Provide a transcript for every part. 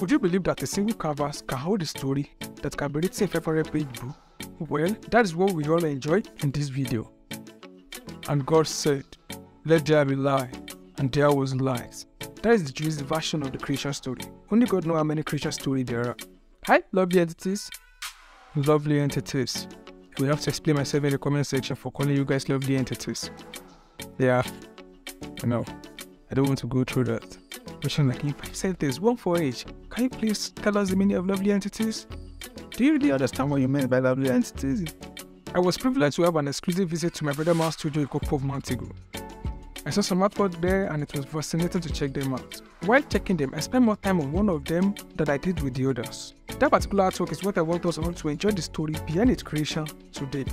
Would you believe that a single canvas can hold a story that can be written in 500 page book? Well, that is what we all enjoy in this video. And God said, Let there be light, and there was light. That is the Jewish version of the creation story. Only God knows how many creation stories there are. Hi, lovely entities. Lovely entities. I will have to explain myself in the comment section for calling you guys lovely entities. Yeah, I know. I don't want to go through that. Personally, if I said this one for each, can you please tell us the meaning of lovely entities? Do you really understand what you meant by lovely entities? I was privileged to have an exclusive visit to my brother Mark's studio in Cove Montego. I saw some artwork there and it was fascinating to check them out. While checking them, I spent more time on one of them than I did with the others. That particular artwork is what I want us all to enjoy the story behind its creation today.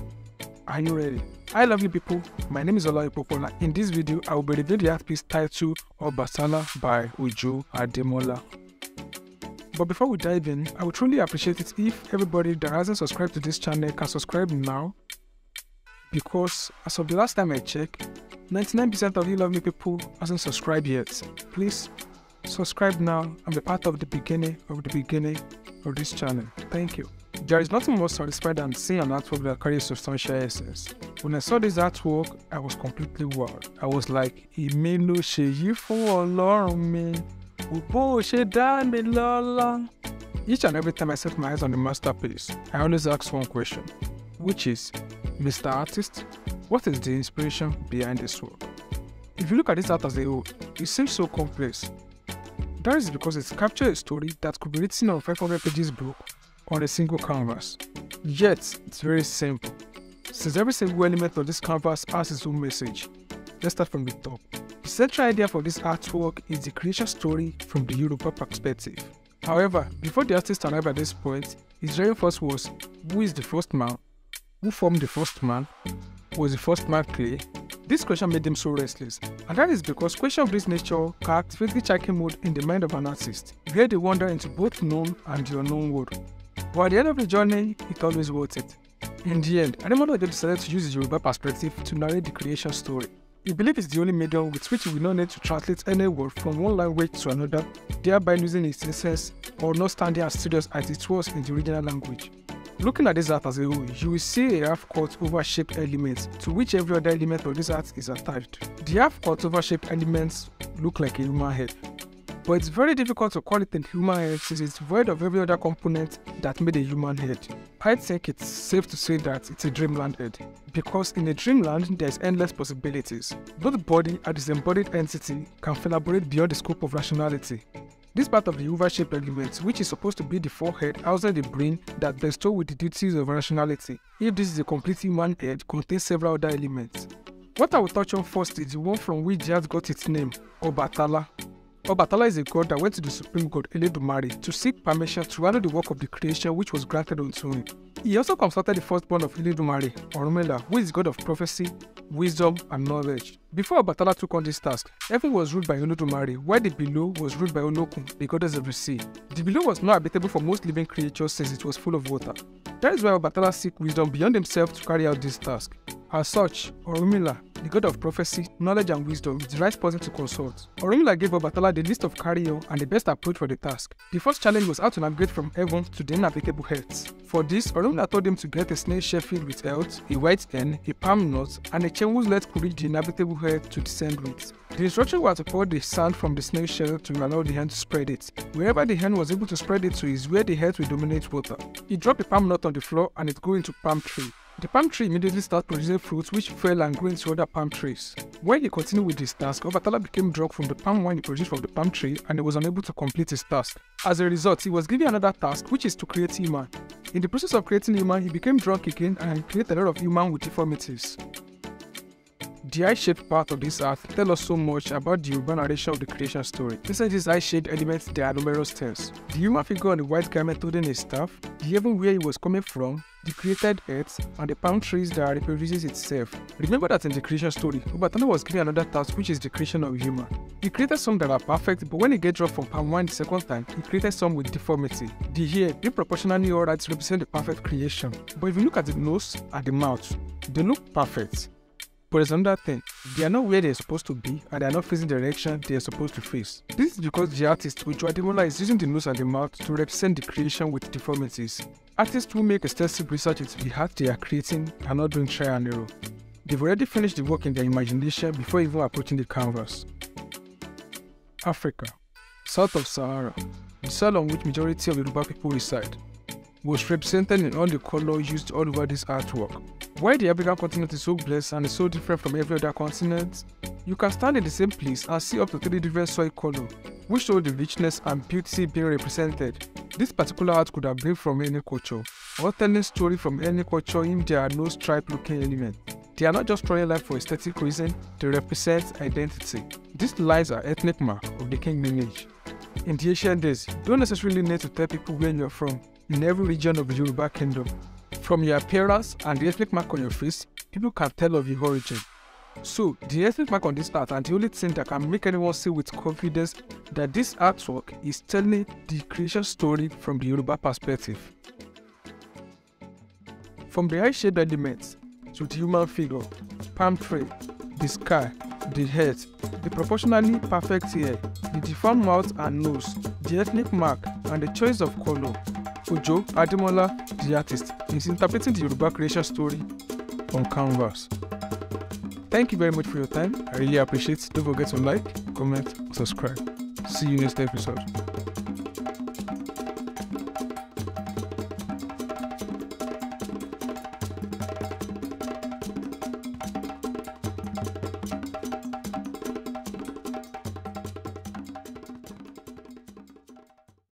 Are you ready? I love you people. My name is Olai Popola. In this video, I will be reviewing the art piece titled Obasala by Uju Ademola. But before we dive in, I would truly appreciate it if everybody that hasn't subscribed to this channel can subscribe now. Because as of the last time I checked, 99% of you love me people hasn't subscribed yet. Please subscribe now and be part of the beginning of the beginning of this channel. Thank you. There is nothing more satisfying than seeing an artwork that carries substantial essence. When I saw this artwork, I was completely wild. I was like, Èmi ló you yìí fún Ọlọ́run mi, òbó ò ṣe dá mi lọ́lá. Each and every time I set my eyes on the masterpiece, I always ask one question, which is, Mr. Artist, what is the inspiration behind this work? If you look at this art as a whole, it seems so complex. That is because it captures a story that could be written on 500 pages book on a single canvas. Yet, it's very simple. Since every single element on this canvas has its own message, let's start from the top. The central idea for this artwork is the creation story from the Europa perspective. However, before the artist arrived at this point, his very first was, who is the first man? Who formed the first man? Was the first man clay? This question made them so restless, and that is because questions of this nature can activate the checking mode in the mind of an artist, where they wander into both known and the unknown world. But at the end of the journey, it always worth it. In the end, Ademola decided to use his Yoruba perspective to narrate the creation story. He believes it's the only medium with which we do not need to translate any word from one language to another, thereby losing its essence or not standing as serious as it was in the original language. Looking at this art as a whole, you will see a half-cut over-shaped element to which every other element of this art is attached. The half-cut over-shaped elements look like a human head, but it's very difficult to call it a human head since it's void of every other component that made a human head. I think it's safe to say that it's a dreamland head, because in a dreamland there's endless possibilities. Both body and disembodied entity can collaborate beyond the scope of rationality. This part of the oval-shaped element, which is supposed to be the forehead outside the brain that bestow with the duties of rationality, if this is a complete human head, contains several other elements. What I will touch on first is the one from which jazz got its name, Obatala. Obatala is a god that went to the Supreme God Eledumare to seek permission to handle the work of the creation which was granted unto him. He also consulted the firstborn of Eledumare, Orumela, who is god of prophecy, wisdom, and knowledge. Before Obatala took on this task, heaven was ruled by Olodumare, while the below was ruled by Olokun, the goddess of the sea. The below was not habitable for most living creatures since it was full of water. That is why Obatala seek wisdom beyond himself to carry out this task. As such, Orumila, the god of prophecy, knowledge, and wisdom is the right person to consult. Orimula gave Obatala the list of carrier and the best approach for the task. The first challenge was how to navigate from heaven to the navigable health. For this, Orimula told him to get a snail shell filled with health, a white hen, a palm nut, and a chain whose legs could reach the navigable health to descend with. The instruction was to pour the sand from the snail shell to allow the hen to spread it. Wherever the hen was able to spread it to is where the health will dominate water. He dropped a palm nut on the floor and it grew into palm tree. The palm tree immediately started producing fruits which fell and grew into other palm trees. When he continued with his task, Ovatala became drunk from the palm wine he produced from the palm tree and he was unable to complete his task. As a result, he was given another task which is to create human. In the process of creating human, he became drunk again and created a lot of human with deformities. The eye-shaped part of this art tell us so much about the urban narration of the creation story. Inside these eye-shaped elements, there are numerous tales. The human figure on the white garment holding a staff, the heaven where he was coming from, the created earth, and the palm trees that reproduces itself. Remember that in the creation story, Obatana was given another task which is the creation of human. He created some that are perfect, but when he gets dropped from palm wine the second time, he created some with deformity. The hair, being proportionally alright, represents the perfect creation. But if you look at the nose and the mouth, they look perfect. But it's another thing. They are not where they're supposed to be and they are not facing the direction they are supposed to face. This is because the artist, which Ademola, is using the nose and the mouth to represent the creation with deformities. Artists who make extensive research into the art they are creating are not doing trial and error. They've already finished the work in their imagination before even approaching the canvas. Africa, south of Sahara, the soil on which majority of Yoruba people reside, was represented in all the colors used all over this artwork. Why the African continent is so blessed and is so different from every other continent? You can stand in the same place and see up to three different soil colors, which show the richness and beauty being represented. This particular art could have been from any culture, or telling story from any culture if there are no stripe-looking elements. They are not just drawing life for aesthetic reason, they represent identity. These lines are ethnic mark of the king lineage. In the ancient days, you don't necessarily need to tell people where you're from in every region of the Yoruba kingdom. From your appearance and the ethnic mark on your face, people can tell of your origin. So, the ethnic mark on this art and the only thing that can make anyone see with confidence that this artwork is telling the creation story from the Yoruba perspective. From the eye shade elements to the human figure, palm tree, the sky, the head, the proportionally perfect ear, the deformed mouth and nose, the ethnic mark, and the choice of color Ojo Ademola, the artist, is interpreting the Yoruba creation story on canvas. Thank you very much for your time. I really appreciate it. Don't forget to like, comment, subscribe. See you next episode.